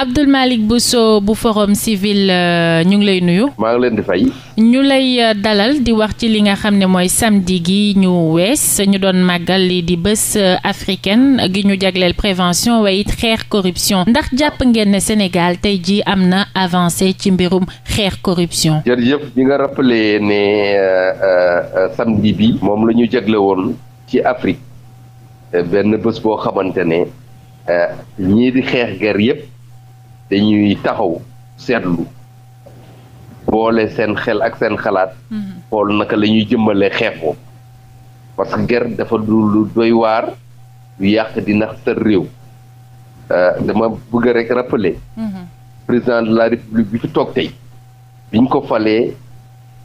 Abdoul Malick Bousso bu Forum Civil euh, ñu ngi lay nuyu. maa ngi leen di fay. ñu lay euh, dalal di wax ci li nga xam ne mooy samedi gi ñu wees sañu doon màggal li di bés euh, africaine gi ñu jagleel prévention waaye xeex corruption ndax jàpp ngeen ne Sénégal tey ji am na avancé ci mbirum xeex corruption. jërëjëf bi nga rappelé ne samedi bi moom la ñu jagle woon ci Afrique benn bés boo xamante ne ñii di xeex ger yëpp. dañuy taxaw seetlu boole seen xel ak seen xalaat mhm. xool naka lañuy ñuy jëmbalee parce que guerre dafa du lu doy waar lu yàq di nax sa réew euh, dama bëgg rekk rappeler mhm. président de la république bi fi toog tey biñ ko falee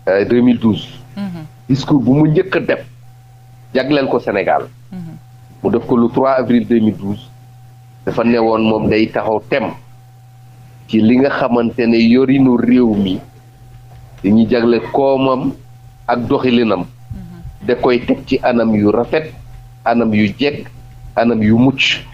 euh, mhm. discours bu mu njëkk a def jagleel ko Sénégal mu def ko le 3 avril 2012 dafa ne woon moom day taxaw tem ci li nga xamante ne yorinu réew mi dañuy jagle koomam ak doxilinam mhm. de koy teg ci anam yu rafet anam yu jekk anam yu mucc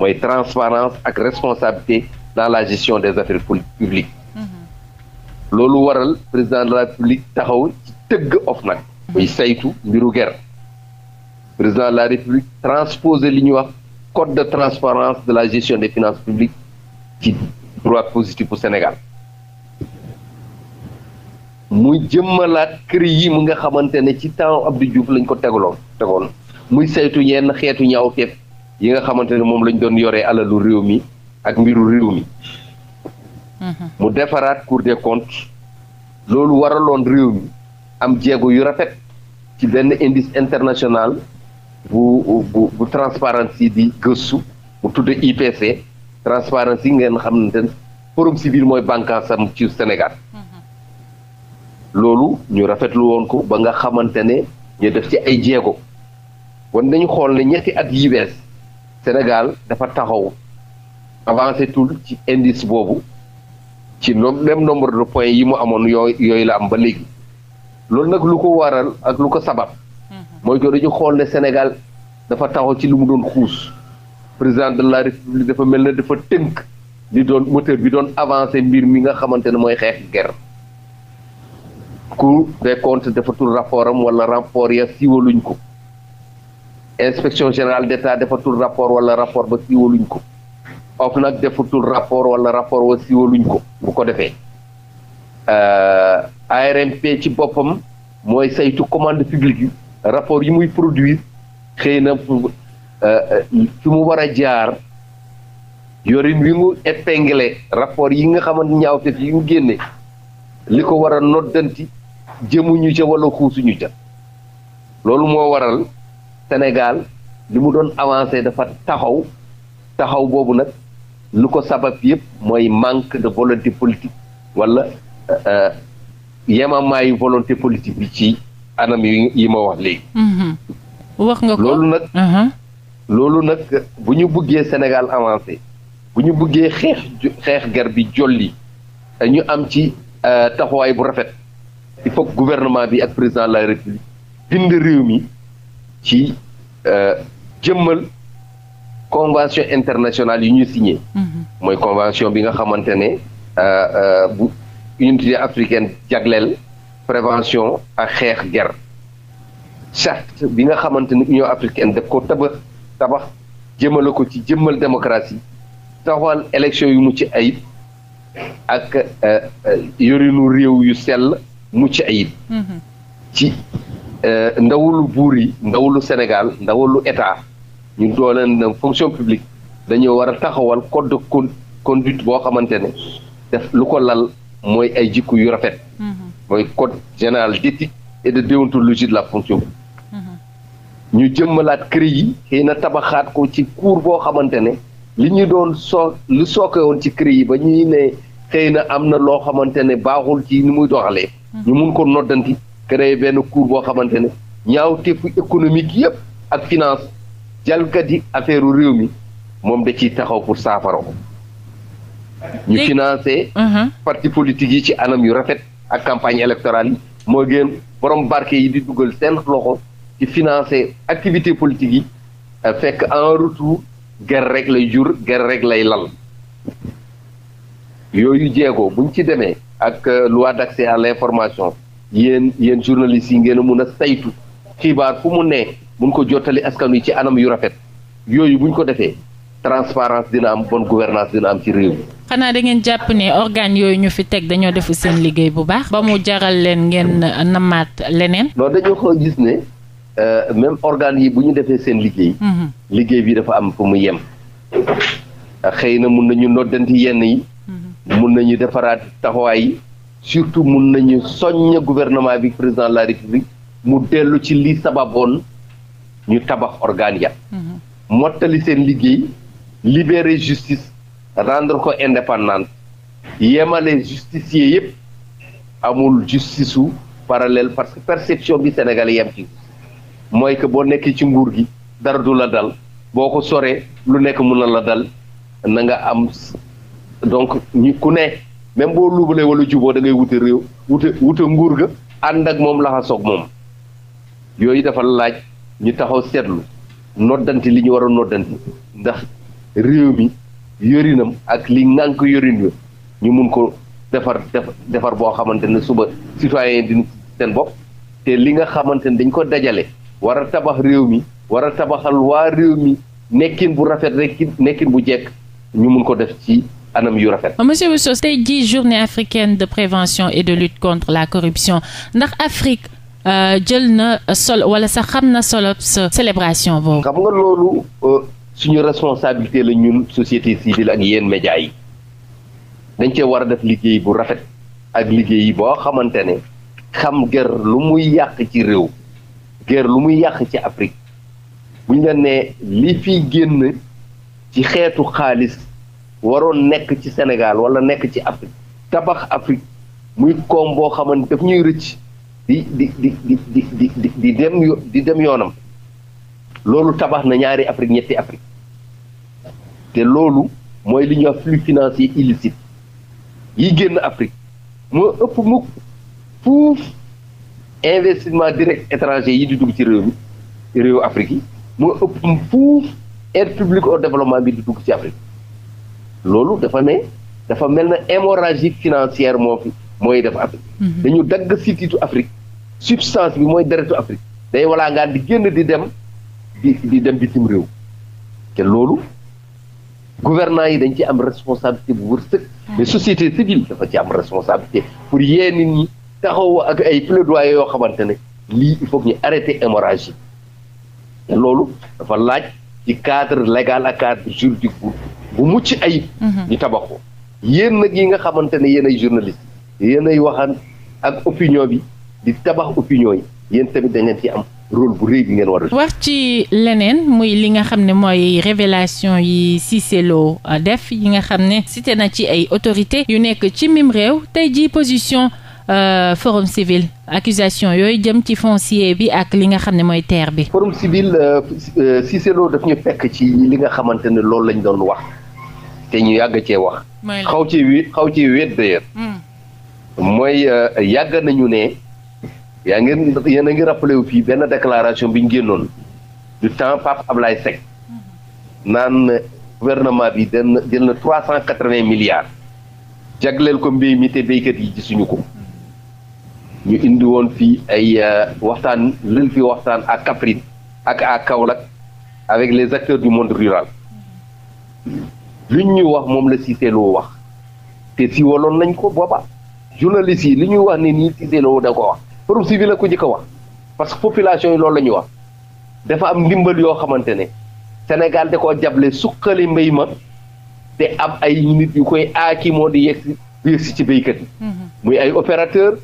mooy transparence ak responsabilité dans la gestion des affaires publiques mhm. loolu waral président de la république taxaw ci tëgg nag mhm. muy saytu mbiru ger président de la république transposer li ñuy wax code de transparence de la gestion des finances publiques ci droit positif Sénégal muy jëmmalaat kër yi mu nga xamante ne ci temps Abdou Diouf lañ ko tegaloon tegoon muy saytu yenn xeetu ñaawteef yi nga xamante ne moom lañ doon yore alalu réew mi ak mbiru réew mi mhm. mu defaraat Cour de comptes loolu waraloon réew mi am jéego yu rafet ci benn indice international bu bu bu transparence yi di gëstu mu tudd IPC transparence yi ngeen xam ne forum civil mooy bànqaasam ci senegal loolu ñu rafetlu woon ko ba nga xamante ne ñu def ci ay jéego wan nañu xool ne ñetti at yi senegal dafa taxaw avancé tul ci indice boobu ci même nombre de points yi mu amoon yooyu yooyu la am ba léegi loolu nag lu ko waral ak lu ko sabab mm-hmm. mooy que dañu xool ne Sénégal dafa taxaw ci lu mu doon xuus président de la république dafa mel ne dafa tënk li doon moteur bi doon avancé mbir mi nga xamante ne mooy xeex ger ku des comptes defatul rapport am wala rapport ya siiwaluñ ko inspection générale d'État defatul rapport wala rapport ba siiwaluñ ko OFNAC defatul rapport wala rapport wa siiwaluñ ko bu ko defee euh, ARMP ci boppam mooy saytu commande publique yi rapport yi muy produire xëy na Euh, euh, fi mu war a jaar yorin wi mu épinglé rapport yi nga xamante ñaaw te yi mu génne li ko war a noddanti jëmuñu ca wala xuusuñu ca loolu moo waral Sénégal li mu doon avancé dafa taxaw taxaw boobu nag lu ko sabab yëpp mooy manque de volonté politique wala euh, yemamaayu volonté politique bi ci anam yi ma wax léegi. Mhm. loolu nag. Mhm. loolu nag bu ñu bëggee Sénégal avancé bu ñu bëggee xeex xeex ger bi jolli ñu am ci euh, taxawaay bu rafet il faut gouvernement bi ak président la république bind réew mi ci euh, jëmmal convention internationale yi ñu signé mm-hmm. mooy convention bi nga xamante ne euh, bu unité africaine jagleel prévention ak xeex ger charte bi nga xamante ne union africaine def ko tëba tabax jëmale ko ci jëmmal démocratie taxawal élection yu mucc ayib ak euh, yorinu réew yu sell mucc ayib mm-hmm. ci euh, ndawulu buur yi ndawulu Sénégal ndawulu état ñu dooleen na fonction publique dañoo war a taxawal code de conduite boo xamante ne lu ko lal mooy ay jikko yu rafet mm-hmm. mooy code général d'éthique et déontologie de la fonction ñu jëmmalaat kër yi xëy na tabaxaat ko ci cour boo xamante ne li ñu doon soo lu sooke woon ci kër yi ba ñuy ne xëy na am na loo xamante ne baaxul ci ni muy doxalee. Hmm. ñu mun ko noddanti créer benn cour boo xamante ne ñaaw tefu économique yépp ak finance jalgati affaire réew mi moom da ciy taxaw pour saafara ko. ñu financé. Mhm. parti politique yi ci anam yu rafet ak campagne électorale yi moo gën borom barke yi di dugal seen loxo. ci financer activité politique yi euh, fekk en retour guerre rek lay jur guerre rek lay lal yooyu jéego buñ ci demee ak euh, loi d'accès à l'information yéen yéen journalistes yi ngeen a mun a saytu xibaar fu mu nee mun ko jottali askan wi ci anam yu rafet yooyu buñ ko defee transparence dina am bonne gouvernance dina am ci réew mi xanaa da ngeen jàpp ne organes yooyu ñu fi teg dañoo defu seen liggéey bu baax ba mu jaral leen ngeen namaat leneen. non dañoo ko gis ne. Euh, même organes yi bu ñu defee seen liggéey. Mhm. liggéey bi dafa am fu mu yem. Ah, xëy na mun nañu noddanti yenn yi. Mhm. mun nañu defaraat taxawaay surtout mun nañu soññ gouvernement bi président la république mu dellu ci li sababoon ñu tabax organ ya mhm. mottali seen liggéey libérer justice rendre ko indépendant yemale justicier yépp amul justice su parallèle parce que perception bi Sénégal yem mooy que boo nekkee ci nguur gi dara du la dal boo ko soree lu nekk mun na la dal na nga am donc ñu ku ne même boo luubalee walla juboo da ngay wute réew wute wute nguur ga ànd ak moom laxasoog moom yooyu dafa laaj ñu taxaw seetlu noddanti li ñu war a noddanti ndax réew mi yorinam ak li ngànk yorin yo ñu mun ko defar defar boo xamante ne suba citoyen yi dina seen bopp te li nga xamante ne dañ ko dajale war a tabax réew mi war a tabaxal waa réew mi nekkin bu rafet rek nekkin bu jekk ñu mun ko def ci anam yu rafet. monsieur Bousso tey jii journée africaine de prévention et de lutte contre la corruption ndax Afrique euh, jël na solo wala sax xam na solo sa célébration boobu. xam nga loolu euh, suñu responsabilité la ñun société civile ak yéen médias yi dañ cee war a def liggéey bu rafet ak liggéey boo xamante ne xam ger lu muy yàq ci réew. guerre lu muy yàq ci Afrique bu ñu la nee li fi génn ci xeetu xaalis waroon nekk ci Sénégal wala nekk ci Afrique tabax Afrique muy koom boo xamante daf ñuy rëcc di di di di di dem yoonam loolu tabax na ñaari Afrique ñetti Afrique te loolu mooy li ñu wax flux financier illicite yi génn Afrique moo ëpp mukk fuuf investissement direct étranger yi di dugg ci réew mi réewu Afrique yi moo ëpp fuuf aide publique au développement bi di dugg ci Afrique loolu dafa ne dafa mel na hémorragie financière moo mooy def Afrique mhm. dañu dagg sititu Afrique substance bi mooy deretu Afrique day walaa ngaan di génn di dem di di dem bitim réew te loolu gouvernants yi dañ ci am responsabilité bu wërsëg ah. mais société civile dafa ci am responsabilité pour yee nit ñi taxaw ak ay plaidoyer yoo xamante ne lii il faut que ñu arrêter hémorragie loolu dafa laaj ci cadre légal ak cadre juridique bu bu mucc ay mhm. ñu tabax ko nag yi nga xamante ne yéen ay journaliste yéen ay waxaan ak opinion bi di tabax opinion yi yéen tamit da ngeen ci am. rôle bu rëy bi ngeen war wax ci leneen muy li nga xam ne mooy révélation yi Cissé Lo euh, def yi nga xam ne cité na ci ay autorités yu nekk ci mim réew tey ji position Euh, forum civil accusation yooyu jëm ci foncier bi ak li nga xam ne mooy terre bi. forum civil euh, euh, Cissé Lo def ñu fekk ci li nga xamante ne loolu lañ doon wax te ñu yàgg cee wax. xaw ci wé xaw ci wéet d'ailleurs. Hmm. mooy yàgg nañu ne. yaa ngi yéen a ngi rappelé wu fii benn déclaration bi ñu génnoon du temps Pape Ablaye Seck hmm. naan gouvernement bi den jël na trois cent quatre-vingts milliards jagleel ko mbéy mi te béykat yi suñu ko. Hmm. ñu indi woon fii ay euh, waxtaan lël fi waxtaan ak Kaffrine ak à Kaolack avec les acteurs du monde rural li ñu wax moom la Cissé Lo wax te si waloon nañ ko booba journaliste yi li ñuy wax ne nii Cissé Lo da ko wax la ko njëkk a wax que population loolu la ñuy wax dafa am ndimbal yoo xamante ne Sénégal de koo jable suqali mbéy ma te am ay nit yu koy aaki moo di yegsi yegsi ci béykat yi mm-hmm. muy ay opérateur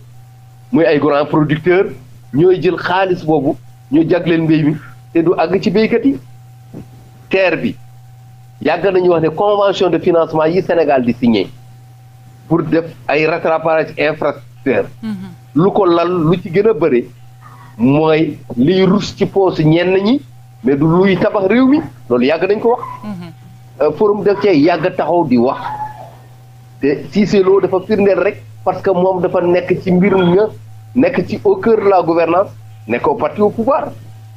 muy ay grands producteurs ñooy jël xaalis boobu ñu leen mbéy mi te du àgg ci béykat yi terre bi yàgg nañu wax ne convention de financement yi Sénégal di signé pour def ay rattrapage infrastructure mm-hmm. lu ko lal lu ci gën a bëri mooy liy rus ci poosu ñenn nañi mais du luy tabax réew mi loolu yàgg nañ ko wax mm-hmm. euh, forum def cee yàgg taxaw di wax te Cissé Lo dafa firndeel rek parce que moom dafa nekk ci mbirum ña nekk ci au cœur de la gouvernance nekk au parti au pouvoir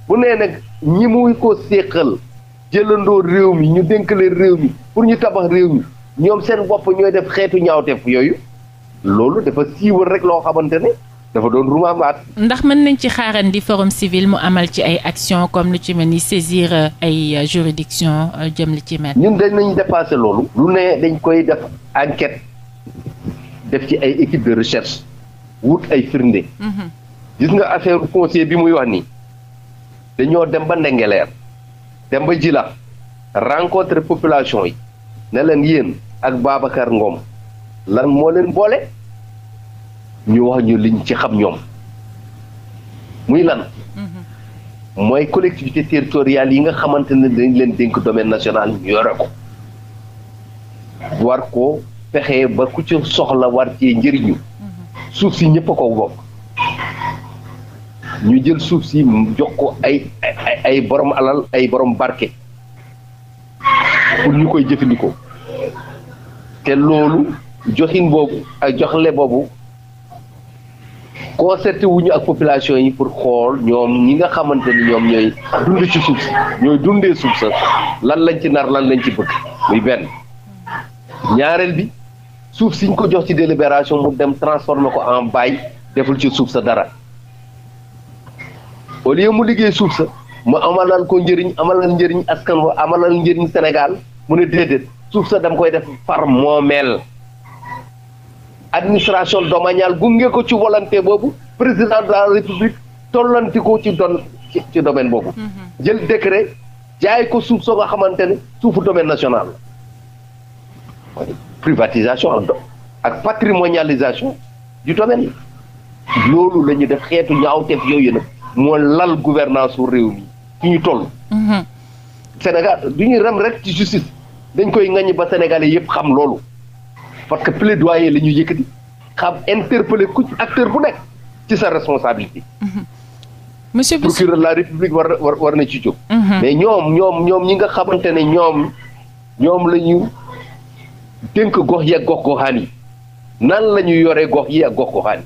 bu nee nag ñi muy ko séqal jëlandoo réew mi ñu dénk réew mi pour ñu tabax réew mi ñoom seen bopp ñooy def xeetu ñaawteef yooyu loolu dafa siiwal rek loo xamante ne dafa doon rumaamaat. ndax mën nañ ci xaarandi forum civil mu amal ci ay action comme lu ci mel ni saisir euh, ay euh, juridiction euh, jëm li ci mel. ñun dañ nañ dépassé loolu. lu ne dañ koy def enquête def ci ay équipe de recherche wut ay firnde. Mhm. gis nga affaire foncier bi muy wax nii dañoo dem ba Ndengeleer dem ba Jila rencontre population yi ne leen yéen ak baabakar ngoom lan moo leen boole ñu wax ñu liñ ci xam ñoom muy lan. Mhm. mooy collectivité territoriale yi nga xamante ne dañ leen dénk domaine national ñu yore ko war ko. fexe ba ku ci soxla war cee njëriñu suuf si ñëpp a ko bokk ñu jël suuf si jox ko ay ay borom alal ay borom barke pour ñu koy jëfandikoo te loolu joxin boobu ak joxle boobu concerté wuñu ak population yi pour xool ñoom ñi nga xamante ni ñoom ñooy dund ci suuf si ñooy dundee suuf sa lan lañ ci nar lan lañ ci bëgg muy benn ñaareel bi suuf si ñu ko jox ci délibération mu dem transformer ko en bail deful ci suuf sa dara au lieu mu liggéey suuf sa mu amalal ko njëriñ amalal njëriñ askan wa amalal njëriñ Sénégal mu ne déedéet suuf sa dem koy def far moomeel administration domaniale gunge ko ci volonté boobu président de la république tollanti ci don ci domaine boobu. Mhm. jël décret jaay ko suuf soo nga xamante ne suufu domaine national privatisation ak patrimonialisation du domaine loolu la ñu def xeetu ñaawteef yooyu nag moo lal gouvernance wu réew mi ci ñu toll mhm. Sénégal du ñu rem rek ci justice dañ koy ŋaññi ba sénégalais yëpp xam loolu parce que plaidoyer la ñu yëkkati xam interpeller ku acteur bu nekk ci sa responsabilité mhm. monsieur procureur de la république war war war na ci jóg mhm. mais ñoom ñoom ñoom ñi nga xamante ñoom ñoom la dénk gox yi ak gox goxaan yi nan la ñu yoree gox yi ak gox goxaan yi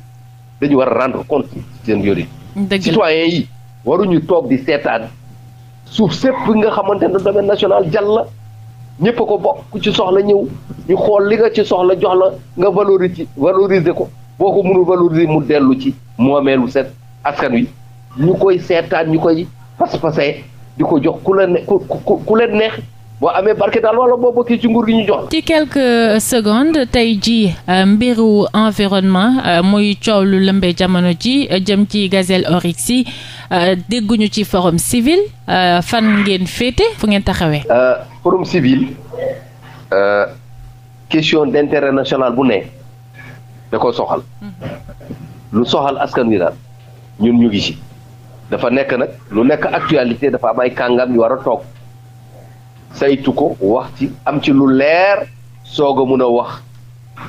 dañu war a rendre compte ci seen ci citoyen yi waruñu toog di seetaan suuf sépp nga xamante ne domaine national jàll la ñëpp a ko bokk ku ci soxla ñëw ñu xool li nga ci soxla jox la nga valoriser ci valoriser ko boo ko mënul valoriser mu dellu ci moomeelu set askan wi ñu koy seetaan ñu koy pas fase di ko jox ku la ku ku leen neex. boo amee barke daal wala boo bokkee ci nguur gi ñu jox ci quelques secondes tey ji euh, mbiru environnement euh, muy coow lu lëmbee jamono ji euh, jëm ci gazelle oryx yi dégguñu ci forum civil fan ngeen féete fu ngeen taxawee. forum civil question d'intérêt national bu ne da ko soxal mm-hmm. lu soxal askan wi daal ñun ñu ngi ci dafa nekk nag lu nekk actualité dafa am ay kàngam yu war a toog. saytu ko wax ci am ci lu leer soog a mun a wax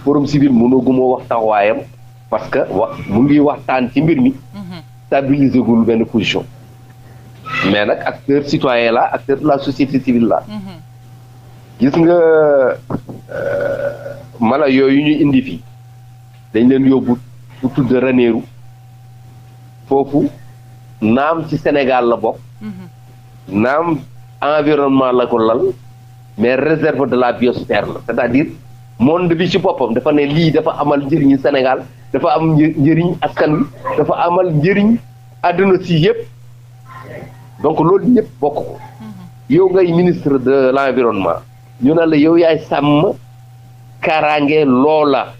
forum civil mënaguma wax taxawaayam parce que mu ngi waxtaan ci mbir mi mhm. stabiliser gul benn position mais nag acteur citoyen la acteur de la société civile la mhm. gis nga euh, mala yooyu ñu indi fii dañ leen yóbbu fu tudd Ranéeru foofu naam ci Sénégal la bokk mhm. naam environnement la ko lal mais réserve de la biosphère la c'est-à-dire monde bi ci boppam dafa ne lii dafa amal njëriñu Sénégal dafa am njëriñ askan wi dafa amal njëriñ àdduna si yëpp donc loolu yëpp bokk ko mhm. yow ngay ministre de l'environnement ñu ne la yow yaay sàmm kaaraange loola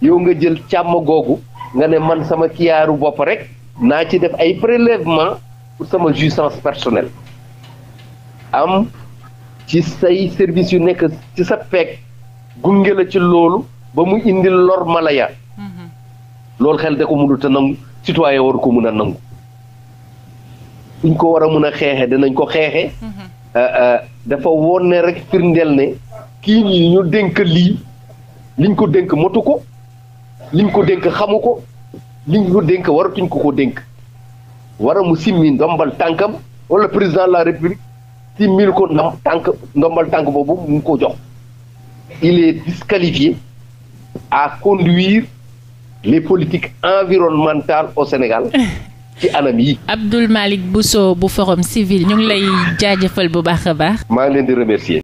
yow nga jël càmm googu nga ne man sama kiyaaru bopp rek naa ci def ay prélèvement pour sama jouissance personnelle am ci say service yu nekk ci sa peeg gunge la ci loolu ba mu indi lor malaya mhm. loolu xel da ko mënul te nangu citoyen waru ko mun a nangu suñ ko war a mun a xeexe danañ ko xeexe mhm. euh, euh, dafa woon ne rek ndel ne kii ñi ñu dénk lii liñ ko dénk motu ko liñ ko dénk xamu ko liñ ko dénk waratuñ ko ko dénk war mu simmi ndombal tànkam wala président la république si mil ko ndam tànk ndombal tànk boobu mu ngi ko jox il est disqualifié à conduire les politiques environnementales au Sénégal ci anam yi Abdoul Malick Bousso bu Forum Civil ñu ngi lay jaajëfal bu baax a baax maa ngi leen di remercier